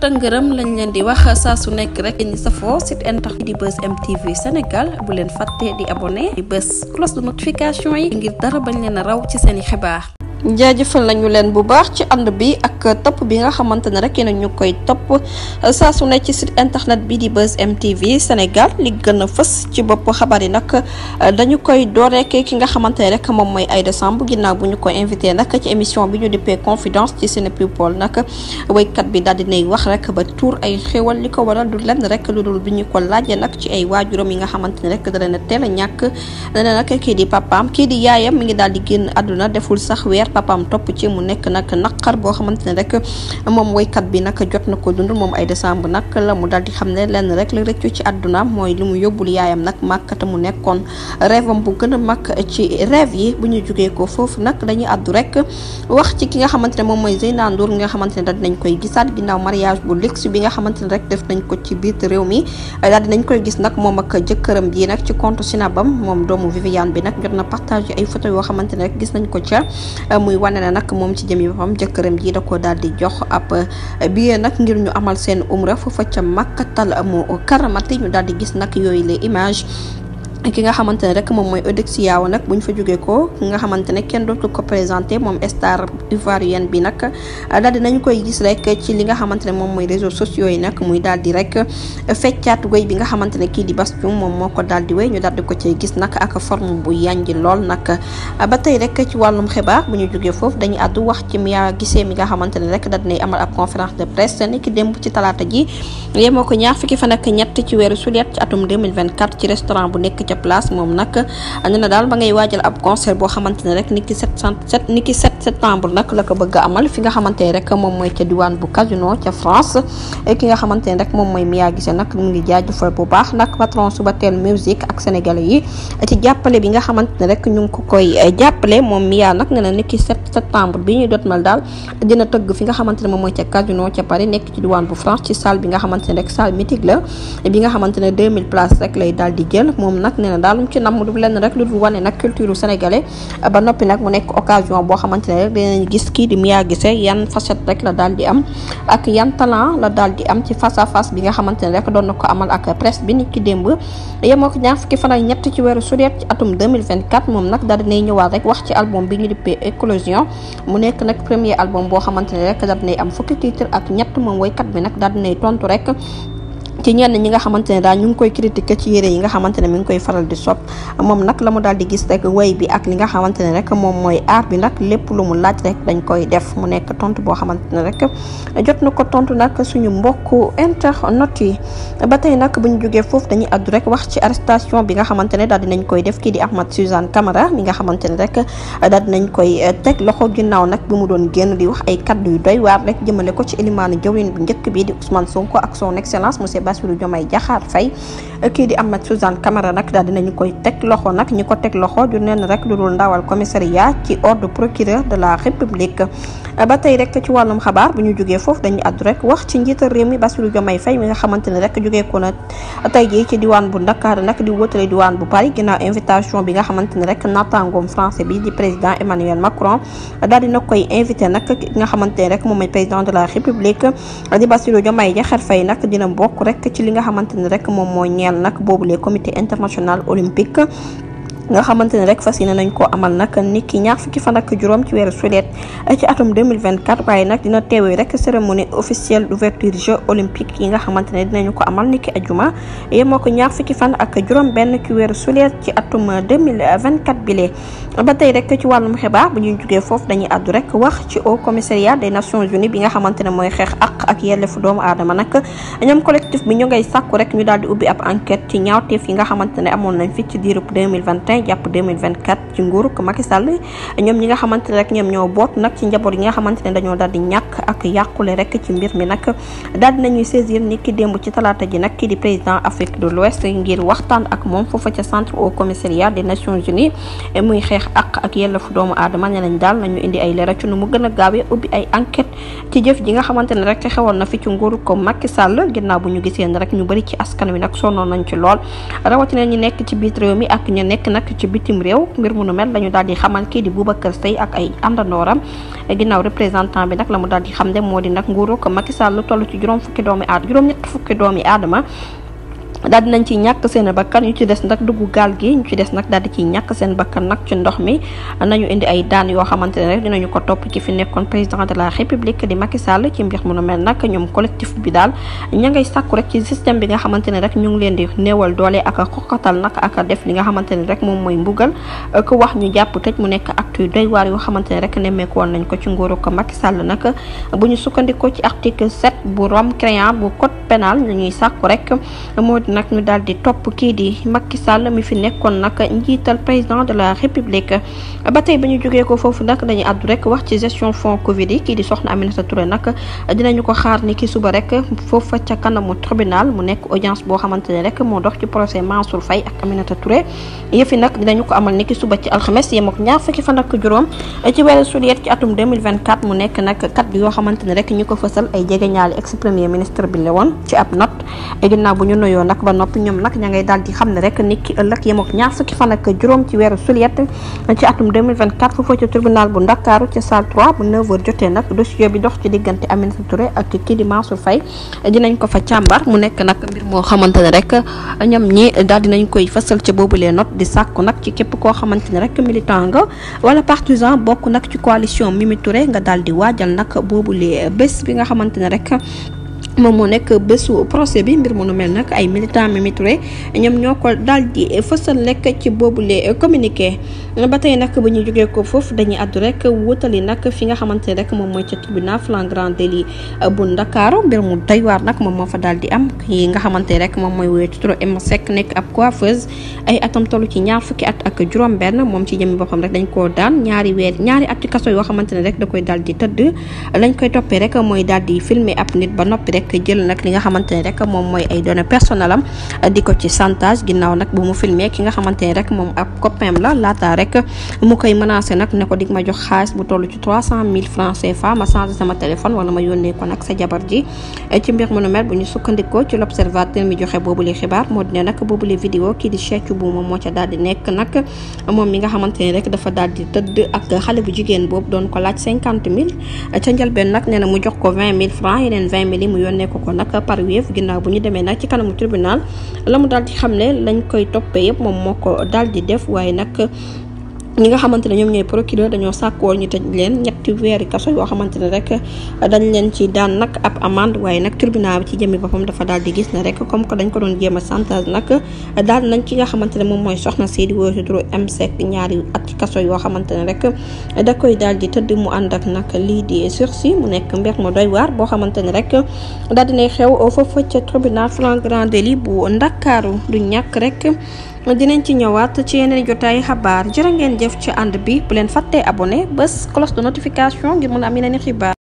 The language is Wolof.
tëngërëm lañ leen di wax saa su nekk rek ni safoo site internet di bës MTV Sénégal bu leen fàtte di abonné di bës cloche de notification yi ngir dara bañ leen a raw ci seen i xibaar. jaajëfal nañu leen bu baax ci ànd bi ak topp bi nga xamante ne rek yéen ñu koy topp saa su ne ci site internet bi di Buzz MTV Sénégal li gën a fës ci bopp xabaar yi nak dañu koy dooreek ki nga xamante ne rek moom mooy ay décembre ginnaaw bu ñu ko invité nak ci émission bi ñu dippee confidence ci Sene People way kat bi daal dinay wax rek ba tour ay xéwal li ko waral du lenn rek lu dul bi ñu ko laajee nag ci ay waajuram yi nga xamante ne rek da leen a teel a ñàkk nee nag kii di papaam kii di yaayam mi ngi daal di génn àdduna deful sax weer papaam topp ci mu nekk nag naqar boo xamante ne rek moom woykat bi nag jot na ko dund moom ay décembre nag la mu daal di xam ne lenn rek la rëccu ci àdduna mooy li mu yóbbul yaayam nag màkkata mu nekkoon rêvam bu gën a ci rêve yi bu ñu jugee ko foofu nag dañuy àddu rek wax ci ki nga xamante ne moom mooy Zeyna Ndour nga xamante ne daal dinañ koy gisaat ginnaaw mariage bu luxe bi nga xamante ne rek def nañ ko ci biir réew mi daal dinañ koy gis nag moom ak jëkkëram ji nag ci compte Sinabam moom doomu Viviane bi nag jot na partage ay photo yoo xamante ne rek gis nañ ko ca muy wane na nag moom ci jëmi boppam jëkkëram jii da ko daal di jox ab billet nag ngir ñu amal seen umra foofa ca makkatal mu karamati ñu daal di gis nag yooyu le images ki nga xamante ne rek moom mooy Eudex Yao nag bu ñu fa jógee ko ki nga xamante ne kenn dootu ko présenté moom star ivoirienne bi nag daal nañu koy gis rek ci li nga xamante ne moom mooy réseaux sociaux yi nag muy daal di rek feccaat wéy bi nga xamante ne kii di Bass Thioung moom moo ko daal di wéy ñu daal di ko cay gis nag ak forme bu yànji lool nag ba tey rek ci wàllum xibaar bu ñu jógee foofu dañuy àddu wax ci Mia Guissé mi nga xamante ne rek daal dinay amal ab conférence de presse ni ki démb ci talaata ji yemoo ko ñaar fukki fan ak ñett ci weeru sulet ci atum ci restaurant bu nekk ca place moom nag ñu ne daal ba ngay waajal ab concert boo xamante ne rek niki 7 niki 7 septembre nag la ko bëgg amal fi nga xamante ne rek moom mooy ca diwaan bu Casino ca France eh, ne rek moom mooy Mia Guissé nag mu ngi jaajëfal bu baax nag patron Subatel musique ak sénégalais yi ci jàppale bi nga xamante ne rek ñu ngi ko koy eh, jàppale moom Mia nag ne na ni ki sept septembre bi ñuy dotmal tëgg fi nga xamante ne moom mooy ca Casino ca Paris nekk ci diwaan bu France ci salle bi nga xamante ne rek salle mythique la bi nga xamante ne rek lay daal di jël moom nag ne na daal mu ci namm du lenn rek lu dul wane nag boo xamante ne rek dinañ gis kii di gise Guissé yan facette rek la daal di am ak yan talent la daal di am ci face à face bi nga xamante ne rek doon na ko amal ak presse bi nit ki démb yemoo ko ñaar fukki fan ak ñett ci weeru sulet ci atum 2024 moom nag daal dinay ñëwaat rek wax ci album bi ñu dippee éclosion mu nekk nag premier album boo xamante ne rek daal dinay am fukki titre ak ñett moom woykat bi nag daal dinay tontu rek ci ñenn ñi nga xamante ne daal ñu ngi koy critiquer ci yére yi nga xamante ne mi koy faral di sopp moom nag la mu daal di gis rek way bi ak li nga xamante ne rek moom mooy aar bi nag lépp lu mu laaj rek dañ koy def mu nekk tontu boo xamante ne rek jot na ko tontu nag suñu mbokku internet yi ba tey nag bu ñu jógee foofu dañuy addu rek wax ci arrestation bi nga xamante ne daal dinañ koy def kii di Ahmed Suzanne Camara mi nga xamante ne rek daal dinañ koy teg loxo ginnaaw nag bi mu doon génn di wax ay kaddu yu doy waar rek jëmale ko ci élimaanu jawriñ bu njëkk bi di Ousmane Sonko ak son excellence monsieur Bassirou Diomaye Diakhar Faye kii di Amath Suzanne Camara nag daal dinañu koy teg loxo nag ñi ko teg loxo du neen rek lu dul ndawal commissariat ci ordre procureur de la république ba tey rek ci wàllum xabaar bu ñu jógee foofu dañuy àddu rek wax ci njiital réew mi Bassirou Diomaye Faye mi nga xamante ne rek jógee ko na jii ci diwaan bu Dakar nag di wóotale diwaan bu Paris ginnaaw invitation bi nga xamante ne rek naataangoom français bi di président Emmanuel Macron daal dina koy invité nag nga xamante ne rek moom mooy président de la république di Bassirou Diomaye Diakhar Faye nag bokk rek ci li nga xamante ne rek moom mooy ñeel nag boobulee comité international olympique nga xamantene rek fasina nañ ko amal nak ki ñaar fukki fan ak juroom ci wéru sulet ci atum 2024 waye nak dina téwé rek cérémonie officielle d'ouverture jeux olympiques yi nga xamantene dinañ ko amal ki aljuma yemo moko ñaar fukki fan ak juroom benn ci wéru sulet ci atum 2024 bilé ba tay rek ci walum xibaar bu ñu joggé fofu dañuy addu rek wax ci au commissariat des nations unies bi nga xamantene moy xex ak ak yellefu doomu adama nak ñom collectif bi ñu ngay sakku rek ñu daldi ubbi ab enquête ci ñaawte fi nga xamantene amon nañ fi ci diirub 2021 2020 jàpp 2024 ci nguurug Macky Sall ñoom ñi nga xamante ne ñoom ñoo boot nag ci njaboot yi nga xamante dañoo daal di ñàkk ak yàqule rek ci mbir mi nag daal di nañuy saisir ci talaata ji nag kii di président Afrique de l'Ouest ngir waxtaan ak moom foofa ca centre au commissariat des Nations Unies muy xeex ak ak yellefu doomu aadama ne nañ daal nañu indi ay leeral ci nu mu gën a gaawee ubbi ay enquête ci jëf ji nga xamante ne xewoon na fi ci nguurug Macky Sall ginnaaw bu ñu gisee rek ñu bëri ci askan wi nag sonnoon nañ ci lool rawatina ñu nekk ci biir réew ak ñu nekk nag nekk ci bitim réew mbir mu nu mel lañu daal di xamal kii di Boubacar Seye ak ay àndandooram ginnaaw représentant bi nag la mu daal di xam ne moo di nag nguuru ko Macky Sall lu toll ci juróom fukki doomi aad juróom ñett fukki doomi aadama daal di nañ ci ñàkk seen bakkan ñu ci des nag dugg gaal gi ñu ci des nag daal di ciy ñàkk seen bakkan nag ci ndox mi nañu indi ay daan yoo xamante ne rek dinañu ko topp ci fi nekkoon président de la république di Macky Sall ci mbir mu nu nag ñoom collectif bi daal ña ngay sàkku rek ci système bi nga xamante ne rek ñu ngi leen di néewal doole ak xoqatal nag ak def li nga xamante ne rek moom mooy mbugal ku wax ñu jàpp tëj mu nekk actu yu doy waar yoo xamante ne rek nemmeeku woon nañ ko ci nguuru ko Macky Sall nag bu ñu sukkandikoo ci article 7 bu Rome créant bu code pénal la ñuy sàkku rek nag ñu daal di topp kii di Macky Sall mi fi nekkoon nag njiital président de la république ba tey ba ñu jógee ko foofu nag dañuy àddu rek wax ci gestion fonds Covid yi kii di soxna Aminata Touré nag dinañu ko xaar ni ki suba rek foofa ca kanamu tribunal mu nekk audience boo xamante ne rek moo dox ci procès Mansour Faye ak Aminata Touré yëfi nag dinañu ko amal ni ki suba ci alxames yem ak ñaar fa fan ak juróom ci weeru sulet ci atum 2024 mu nekk nag kaddu yoo xamante ne rek ñu ko fësal ay jegeñaali ex premier ministre bi woon ci ab note ginnaaw bu ñu nuyoo nag ba noppi ñoom nag ña ngay daal di xam ne rek nit ki ëllëg yemook ñaar fukki fan ak juróom ci weeru sulet ci atum 2024 foofu ci tribunal bu Ndakaaru ci salle 3 bu 9 jotee nag dossier bi dox ci diggante Aminata Touré ak kii di Mansour Faye dinañ ko fa càmbar mu nekk nag mbir moo xamante ne rek ñoom ñi daal dinañ koy fasal boobu lee note di sakku nag ci képp koo xamante ne rek militant nga wala partisan bokk nak ci coalition Mimi ture nga daal di waajal nag boobulee bés bi nga xamante ne rek moom moo nekk bésu procès bi mbir mu nu mel nag ay militant Mimi Touré ñoom ñoo ko daal di fësal lekk ci boobule communiqué ba tey nag bu ñu jógee ko foofu dañuy àddu rek wutali nag fi nga xamante ne rek moom mooy ca tribunal flagrant délit bu Ndakaaru mbir mu doy waar nag moom moo fa daal di am ki nga xamante rek moom mooy wéy Turo M Seck nekk ab coiffeuse ay atam toll ci ñaar fukki at ak juróom-benn moom ci jëmmi boppam rek dañ koo daan ñaari weer ñaari at ci kaso yoo xamante ne rek da koy dal di tëdd lañ koy toppee rek mooy daal di filmer ab nit ba noppi rek. rek jël nag li nga xamante ne rek moom mooy ay données personnelles am di ko ci chantage ginnaaw nag bu mu ki nga xamante rek moom ma jox bu toll ci 300000 francs CFA ma changé sama téléphone wala ci mbir mu nu mel bu ñu sukkandikoo ci l'observateur mi joxe boobule xibaar moo di ne nag boobule bu moom moo ca daal di mi nga xamante rek dafa daal tëdd ak xale bu jigéen boobu doon ko laaj 50000 ca njëlbeen nag nee na mu jox ko 20000 francs yeneen 20000 yi mu yónnee ko ko nag par Wave ginnaaw bu ñu demee nag ci kanamu tribunal la mu daal di xam ne lañ koy toppe yëpp moom moo ko daal di def waaye nag ñi nga xamante ne ñoom ñooy procureur dañoo sàkkoon ñu tëj leen ñetti weeri kaso yoo xamante ne rek dañ leen ci daan nag ab amende waaye nag tribunal bi ci jëmmi boppam dafa daal di gis ne rek comme que dañ ko doon jéem a chantage nag daal nañ ki nga xamante ne moom mooy soxna si di wóor si turu MSEC ñaari at ci yoo xamante ne rek da koy daal di tëdd mu ànd ak nag lii di sursis mu nekk mbeex mu doy waar boo xamante ne rek daal dinay xew foofu ca tribunal flagrant délit bu Ndakaaru du ñàkk rek dinañ ci ñëwaat ci yeneen jotaay xabaar jërë ngeen jëf ci ànd bi bu leen fàttee abone bés cloche de notification ngir mën am am yeneen xibaar